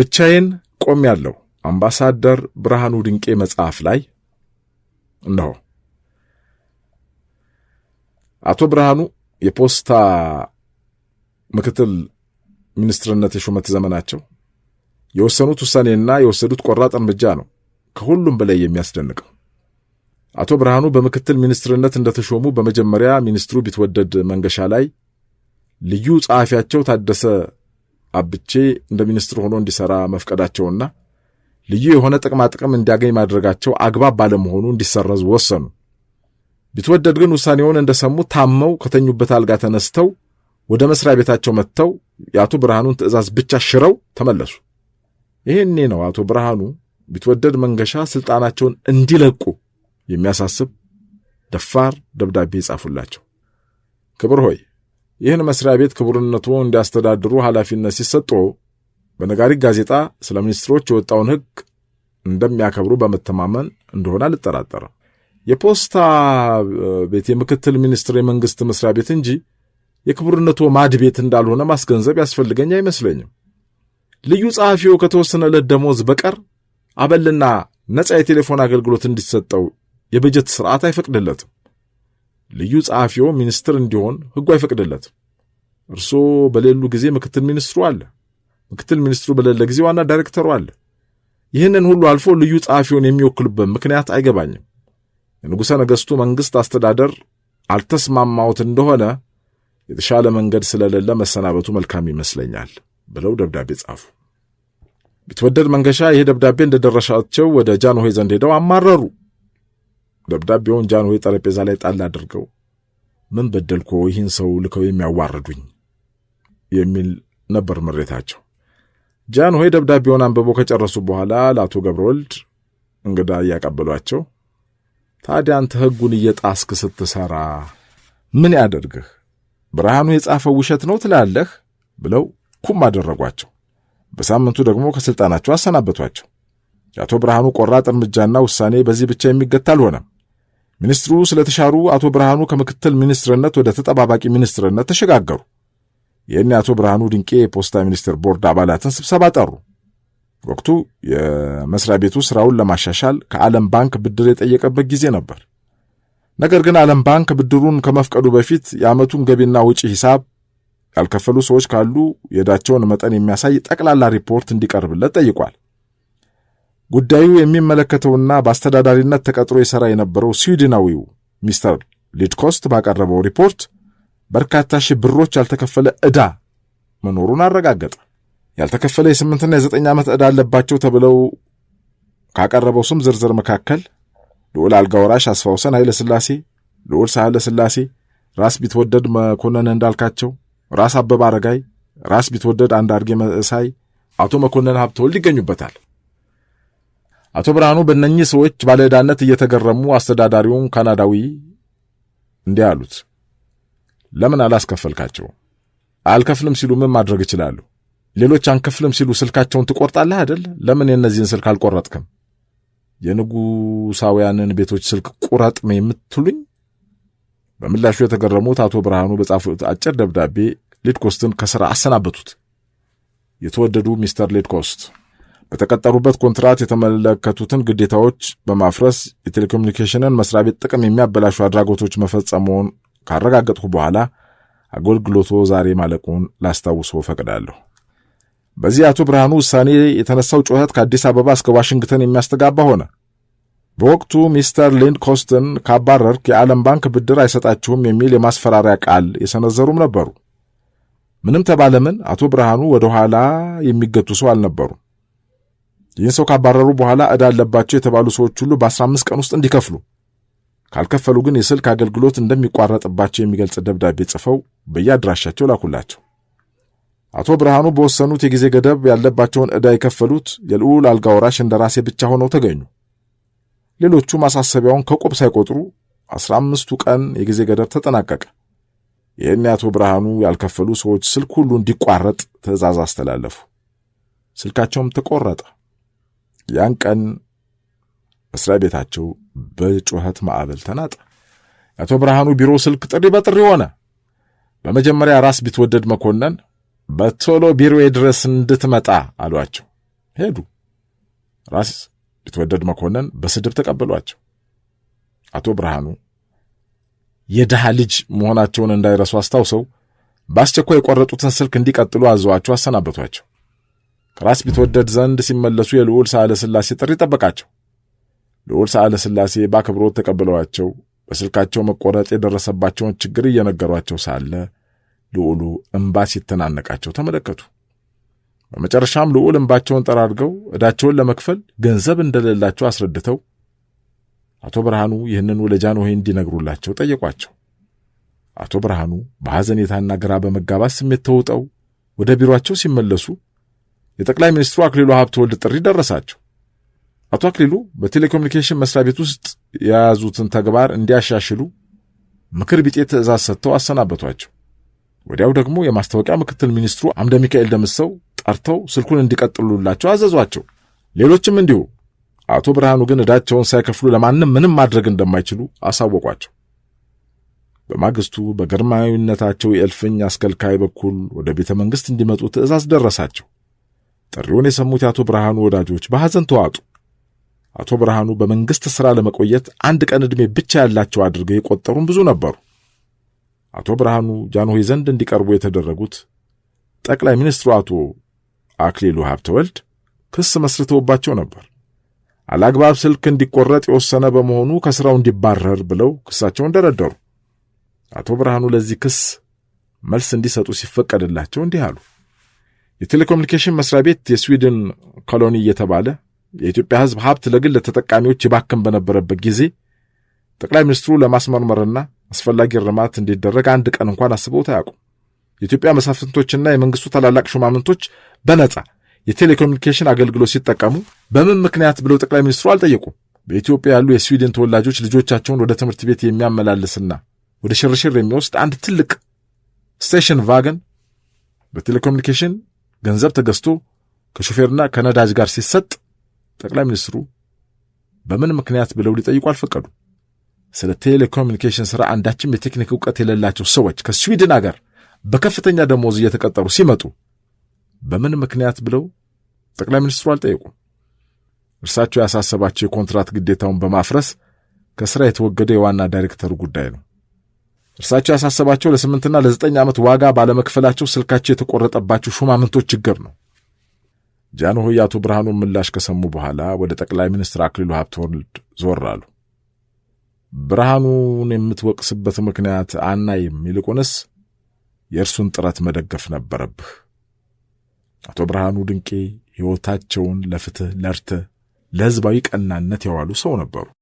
ብቻዬን ያለው አምባሳደር ብርሃኑ ድንቄ መጽሐፍ ላይ እነሆ አቶ ብርሃኑ የፖስታ ምክትል ሚኒስትርነት የሹመት ዘመናቸው የወሰኑት ውሳኔና የወሰዱት ቆራጥ እርምጃ ነው ከሁሉም በላይ የሚያስደንቀው። አቶ ብርሃኑ በምክትል ሚኒስትርነት እንደተሾሙ በመጀመሪያ ሚኒስትሩ ቢትወደድ መንገሻ ላይ ልዩ ጸሐፊያቸው ታደሰ አብቼ እንደ ሚኒስትር ሆኖ እንዲሰራ መፍቀዳቸውና ልዩ የሆነ ጥቅማጥቅም እንዲያገኝ ማድረጋቸው አግባብ ባለመሆኑ እንዲሰረዙ ወሰኑ። ቢትወደድ ግን ውሳኔውን እንደሰሙ ታመው ከተኙበት አልጋ ተነስተው ወደ መስሪያ ቤታቸው መጥተው የአቶ ብርሃኑን ትዕዛዝ ብቻ ሽረው ተመለሱ። ይህኔ ነው አቶ ብርሃኑ ቢትወደድ መንገሻ ስልጣናቸውን እንዲለቁ የሚያሳስብ ደፋር ደብዳቤ ይጻፉላቸው። ክብር ሆይ ይህን መስሪያ ቤት ክቡርነቱ እንዲያስተዳድሩ ኃላፊነት ሲሰጡ በነጋሪት ጋዜጣ ስለ ሚኒስትሮች የወጣውን ሕግ እንደሚያከብሩ በመተማመን እንደሆነ አልጠራጠርም። የፖስታ ቤት የምክትል ሚኒስትር የመንግስት መስሪያ ቤት እንጂ የክቡርነቱ ማድ ቤት እንዳልሆነ ማስገንዘብ ያስፈልገኝ አይመስለኝም። ልዩ ጸሐፊው ከተወሰነ ዕለት ደሞዝ በቀር አበልና ነፃ የቴሌፎን አገልግሎት እንዲሰጠው የበጀት ስርዓት አይፈቅድለትም። ልዩ ጸሐፊው ሚኒስትር እንዲሆን ሕጉ አይፈቅድለትም። እርሶ በሌሉ ጊዜ ምክትል ሚኒስትሩ አለ፣ ምክትል ሚኒስትሩ በሌለ ጊዜ ዋና ዳይሬክተሩ አለ። ይህንን ሁሉ አልፎ ልዩ ጸሐፊውን የሚወክልበት ምክንያት አይገባኝም። የንጉሠ ነገሥቱ መንግሥት አስተዳደር አልተስማማሁት እንደሆነ የተሻለ መንገድ ስለሌለ መሰናበቱ መልካም ይመስለኛል ብለው ደብዳቤ ጻፉ። ቢትወደድ መንገሻ ይህ ደብዳቤ እንደደረሻቸው ወደ ጃንሆይ ዘንድ ሄደው አማረሩ። ደብዳቤውን ጃንሆይ ጠረጴዛ ላይ ጣል አድርገው ምን በደልኮ ይህን ሰው ልከው የሚያዋርዱኝ የሚል ነበር ምሬታቸው። ጃንሆይ ደብዳቤውን አንብበው ከጨረሱ በኋላ ለአቶ ገብረወልድ እንግዳ እያቀበሏቸው፣ ታዲያ አንተ ሕጉን እየጣስክ ስትሰራ ምን ያደርግህ? ብርሃኑ የጻፈው ውሸት ነው ትላለህ ብለው ኩም አደረጓቸው። በሳምንቱ ደግሞ ከሥልጣናቸው አሰናበቷቸው። የአቶ ብርሃኑ ቆራጥ እርምጃና ውሳኔ በዚህ ብቻ የሚገታ አልሆነም። ሚኒስትሩ ስለተሻሩ አቶ ብርሃኑ ከምክትል ሚኒስትርነት ወደ ተጠባባቂ ሚኒስትርነት ተሸጋገሩ። ይህን አቶ ብርሃኑ ድንቄ የፖስታ ሚኒስቴር ቦርድ አባላትን ስብሰባ ጠሩ። ወቅቱ የመስሪያ ቤቱ ስራውን ለማሻሻል ከዓለም ባንክ ብድር የጠየቀበት ጊዜ ነበር። ነገር ግን ዓለም ባንክ ብድሩን ከመፍቀዱ በፊት የዓመቱን ገቢና ውጪ ሂሳብ ያልከፈሉ ሰዎች ካሉ የዕዳቸውን መጠን የሚያሳይ ጠቅላላ ሪፖርት እንዲቀርብለት ጠይቋል። ጉዳዩ የሚመለከተውና በአስተዳዳሪነት ተቀጥሮ የሠራ የነበረው ስዊድናዊው ሚስተር ሊድኮስት ባቀረበው ሪፖርት በርካታ ሺህ ብሮች ያልተከፈለ ዕዳ መኖሩን አረጋገጠ። ያልተከፈለ የስምንትና የዘጠኝ ዓመት ዕዳ አለባቸው ተብለው ካቀረበው ስም ዝርዝር መካከል ልዑል አልጋ ወራሽ ኃይለ ሥላሴ፣ ልዑል ሳህለ ሥላሴ፣ ራስ ቢትወደድ መኮንን እንዳልካቸው፣ ራስ አበበ አረጋይ፣ ራስ ቢትወደድ አንዳርጌ መሳይ፣ አቶ መኮንን ሀብተወልድ ይገኙበታል። አቶ ብርሃኑ በእነኚህ ሰዎች ባለዕዳነት እየተገረሙ አስተዳዳሪውን ካናዳዊ እንዲህ አሉት። ለምን አላስከፈልካቸው? አልከፍልም ሲሉ ምን ማድረግ ይችላሉ? ሌሎች አንከፍልም ሲሉ ስልካቸውን ትቆርጣለህ አይደል? ለምን የእነዚህን ስልክ አልቆረጥክም? የንጉሳውያንን ቤቶች ስልክ ቁረጥም የምትሉኝ? በምላሹ የተገረሙት አቶ ብርሃኑ በጻፉት አጭር ደብዳቤ ሌድኮስትን ከሥራ አሰናበቱት። የተወደዱ ሚስተር ሌድኮስት በተቀጠሩበት ኮንትራት የተመለከቱትን ግዴታዎች በማፍረስ የቴሌኮሙኒኬሽንን መስሪያ ቤት ጥቅም የሚያበላሹ አድራጎቶች መፈጸሙን ካረጋገጥኩ በኋላ አገልግሎቱ ዛሬ ማለቁን ላስታውሶ ፈቅዳለሁ። በዚህ አቶ ብርሃኑ ውሳኔ የተነሳው ጩኸት ከአዲስ አበባ እስከ ዋሽንግተን የሚያስተጋባ ሆነ። በወቅቱ ሚስተር ሊንድ ኮስትን ካባረርክ የዓለም ባንክ ብድር አይሰጣችሁም የሚል የማስፈራሪያ ቃል የሰነዘሩም ነበሩ። ምንም ተባለምን አቶ ብርሃኑ ወደ ኋላ የሚገቱ ሰው አልነበሩ ይህን ሰው ካባረሩ በኋላ ዕዳ አለባቸው የተባሉ ሰዎች ሁሉ በ15 ቀን ውስጥ እንዲከፍሉ ካልከፈሉ ግን የስልክ አገልግሎት እንደሚቋረጥባቸው የሚገልጽ ደብዳቤ ጽፈው በየአድራሻቸው ላኩላቸው። አቶ ብርሃኑ በወሰኑት የጊዜ ገደብ ያለባቸውን ዕዳ የከፈሉት የልዑል አልጋ ወራሽ እንደራሴ ብቻ ሆነው ተገኙ። ሌሎቹ ማሳሰቢያውን ከቁብ ሳይቆጥሩ አስራ አምስቱ ቀን የጊዜ ገደብ ተጠናቀቀ። ይህን የአቶ ብርሃኑ ያልከፈሉ ሰዎች ስልክ ሁሉ እንዲቋረጥ ትዕዛዝ አስተላለፉ። ስልካቸውም ተቆረጠ። ያን ቀን መስሪያ ቤታቸው በጩኸት ማዕበል ተናጠ። የአቶ ብርሃኑ ቢሮ ስልክ ጥሪ በጥሪ ሆነ። በመጀመሪያ ራስ ቢትወደድ መኮንን በቶሎ ቢሮዬ ድረስ እንድትመጣ አሏቸው። ሄዱ። ራስ ቢትወደድ መኮንን በስድብ ተቀበሏቸው። አቶ ብርሃኑ የድሃ ልጅ መሆናቸውን እንዳይረሱ አስታውሰው በአስቸኳይ የቆረጡትን ስልክ እንዲቀጥሉ አዘዋቸው፣ አሰናበቷቸው። ራስ ቢትወደድ ዘንድ ሲመለሱ የልዑል ሳህለ ሥላሴ ጥሪ ጠበቃቸው። ልዑል ሳህለ ሥላሴ በአክብሮት ተቀብለዋቸው በስልካቸው መቆረጥ የደረሰባቸውን ችግር እየነገሯቸው ሳለ ልዑሉ እምባ ሲተናነቃቸው ተመለከቱ። በመጨረሻም ልዑል እምባቸውን ጠራርገው ዕዳቸውን ለመክፈል ገንዘብ እንደሌላቸው አስረድተው አቶ ብርሃኑ ይህንኑ ለጃንሆይ እንዲነግሩላቸው ጠየቋቸው። አቶ ብርሃኑ በሐዘኔታና ግራ በመጋባት ስሜት ተውጠው ወደ ቢሮአቸው ሲመለሱ የጠቅላይ ሚኒስትሩ አክሊሉ ሀብተወልድ ጥሪ ደረሳቸው። አቶ አክሊሉ በቴሌኮሙኒኬሽን መስሪያ ቤት ውስጥ የያዙትን ተግባር እንዲያሻሽሉ ምክር ቢጤ ትእዛዝ ሰጥተው አሰናበቷቸው። ወዲያው ደግሞ የማስታወቂያ ምክትል ሚኒስትሩ አምደ ሚካኤል ደምሰው ጠርተው ስልኩን እንዲቀጥሉላቸው አዘዟቸው። ሌሎችም እንዲሁ። አቶ ብርሃኑ ግን ዕዳቸውን ሳይከፍሉ ለማንም ምንም ማድረግ እንደማይችሉ አሳወቋቸው። በማግስቱ በግርማዊነታቸው የእልፍኝ አስከልካይ በኩል ወደ ቤተ መንግሥት እንዲመጡ ትእዛዝ ደረሳቸው። ጥሪውን የሰሙት የአቶ ብርሃኑ ወዳጆች በሐዘን ተዋጡ። አቶ ብርሃኑ በመንግሥት ሥራ ለመቆየት አንድ ቀን ዕድሜ ብቻ ያላቸው አድርገው የቈጠሩም ብዙ ነበሩ። አቶ ብርሃኑ ጃንሆይ ዘንድ እንዲቀርቡ የተደረጉት ጠቅላይ ሚኒስትሩ አቶ አክሊሉ ወልድ ክስ መስርተውባቸው ነበር። አላግባብ ስልክ እንዲቆረጥ የወሰነ በመሆኑ ከሥራው እንዲባረር ብለው ክሳቸውን ደረደሩ። አቶ ብርሃኑ ለዚህ ክስ መልስ እንዲሰጡ ሲፈቀድላቸው እንዲህ አሉ። የቴሌኮሙኒኬሽን መስሪያ ቤት የስዊድን ኮሎኒ እየተባለ የኢትዮጵያ ሕዝብ ሀብት ለግል ተጠቃሚዎች ይባክን በነበረበት ጊዜ ጠቅላይ ሚኒስትሩ ለማስመርመርና አስፈላጊ እርማት እንዲደረግ አንድ ቀን እንኳን አስበውት አያውቁም። የኢትዮጵያ መሳፍንቶችና የመንግስቱ ታላላቅ ሹማምንቶች በነጻ የቴሌኮሙኒኬሽን አገልግሎት ሲጠቀሙ በምን ምክንያት ብለው ጠቅላይ ሚኒስትሩ አልጠየቁም። በኢትዮጵያ ያሉ የስዊድን ተወላጆች ልጆቻቸውን ወደ ትምህርት ቤት የሚያመላልስና ወደ ሽርሽር የሚወስድ አንድ ትልቅ ስቴሽን ቫገን በቴሌኮሙኒኬሽን ገንዘብ ተገዝቶ ከሾፌርና ከነዳጅ ጋር ሲሰጥ ጠቅላይ ሚኒስትሩ በምን ምክንያት ብለው ሊጠይቁ አልፈቀዱ። ስለ ቴሌኮሙኒኬሽን ሥራ አንዳችም የቴክኒክ እውቀት የሌላቸው ሰዎች ከስዊድን አገር በከፍተኛ ደሞዝ እየተቀጠሩ ሲመጡ በምን ምክንያት ብለው ጠቅላይ ሚኒስትሩ አልጠየቁም። እርሳቸው ያሳሰባቸው የኮንትራት ግዴታውን በማፍረስ ከሥራ የተወገደ የዋና ዳይሬክተሩ ጉዳይ ነው። እርሳቸው ያሳሰባቸው ለስምንትና ለዘጠኝ ዓመት ዋጋ ባለመክፈላቸው ስልካቸው የተቆረጠባቸው ሹማምንቶች ችግር ነው። ጃንሆይ የአቶ ብርሃኑን ምላሽ ከሰሙ በኋላ ወደ ጠቅላይ ሚኒስትር አክሊሉ ሀብተወልድ ዞር አሉ። ብርሃኑን የምትወቅስበት ምክንያት አናይም፣ ይልቁንስ የእርሱን ጥረት መደገፍ ነበረብህ። አቶ ብርሃኑ ድንቄ ሕይወታቸውን ለፍትህ ለርትህ ለሕዝባዊ ቀናነት የዋሉ ሰው ነበሩ።